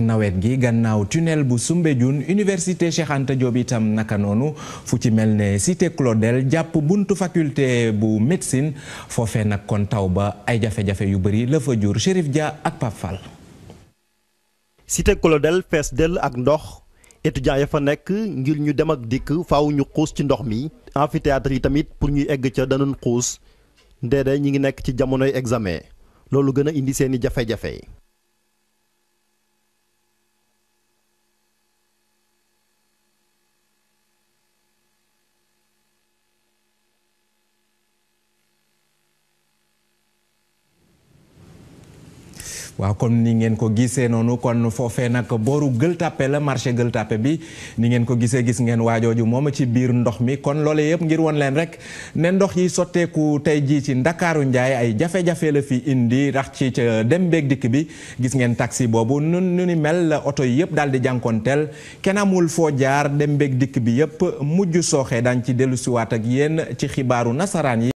nawet gi gannaaw tunnel bu Soumbédioune université Cheikh Anta itam naka noonu fu ci mel ne cité Claudel jàpp buntu faculté bu médecine foofee nag kon taw ba ay jafe-jafe yu bari lafa jur Chérif Dia ak Pape Fall. cité Claudel fees dell ak ndox étudiants ya fa nekk ngir ñu dem ak dikk faaw ñu xuus ci ndox mi amphithéâtre yi tamit pour ñuy egg ca danañ xuus ndéedéet ñi ngi nekk ci jamonoy examen loolu gën a indi seeni jafe-jafe. waaw kon nii ngeen ko gisee noonu kon foofee nag booru Gueule Tapée la marché Gueule bi ni ngeen ko gisee gis ngeen waajooju moom ci biir ndox mi kon loole yëpp ngir won leen rek ne ndox yi sotteeku tey jii ci ndakaaru njaay ay jafe-jafe la fi indi rax ci ca dem beeg dikk bi gis ngeen taxi boobu nun nu ni mel oto yi yëpp daal di jànkoonteel kenn foo jaar dem beeg dikk bi yëpp mujj sooxee daan ci dellusiwaat ak yenn ci xibaaru nasaraan yi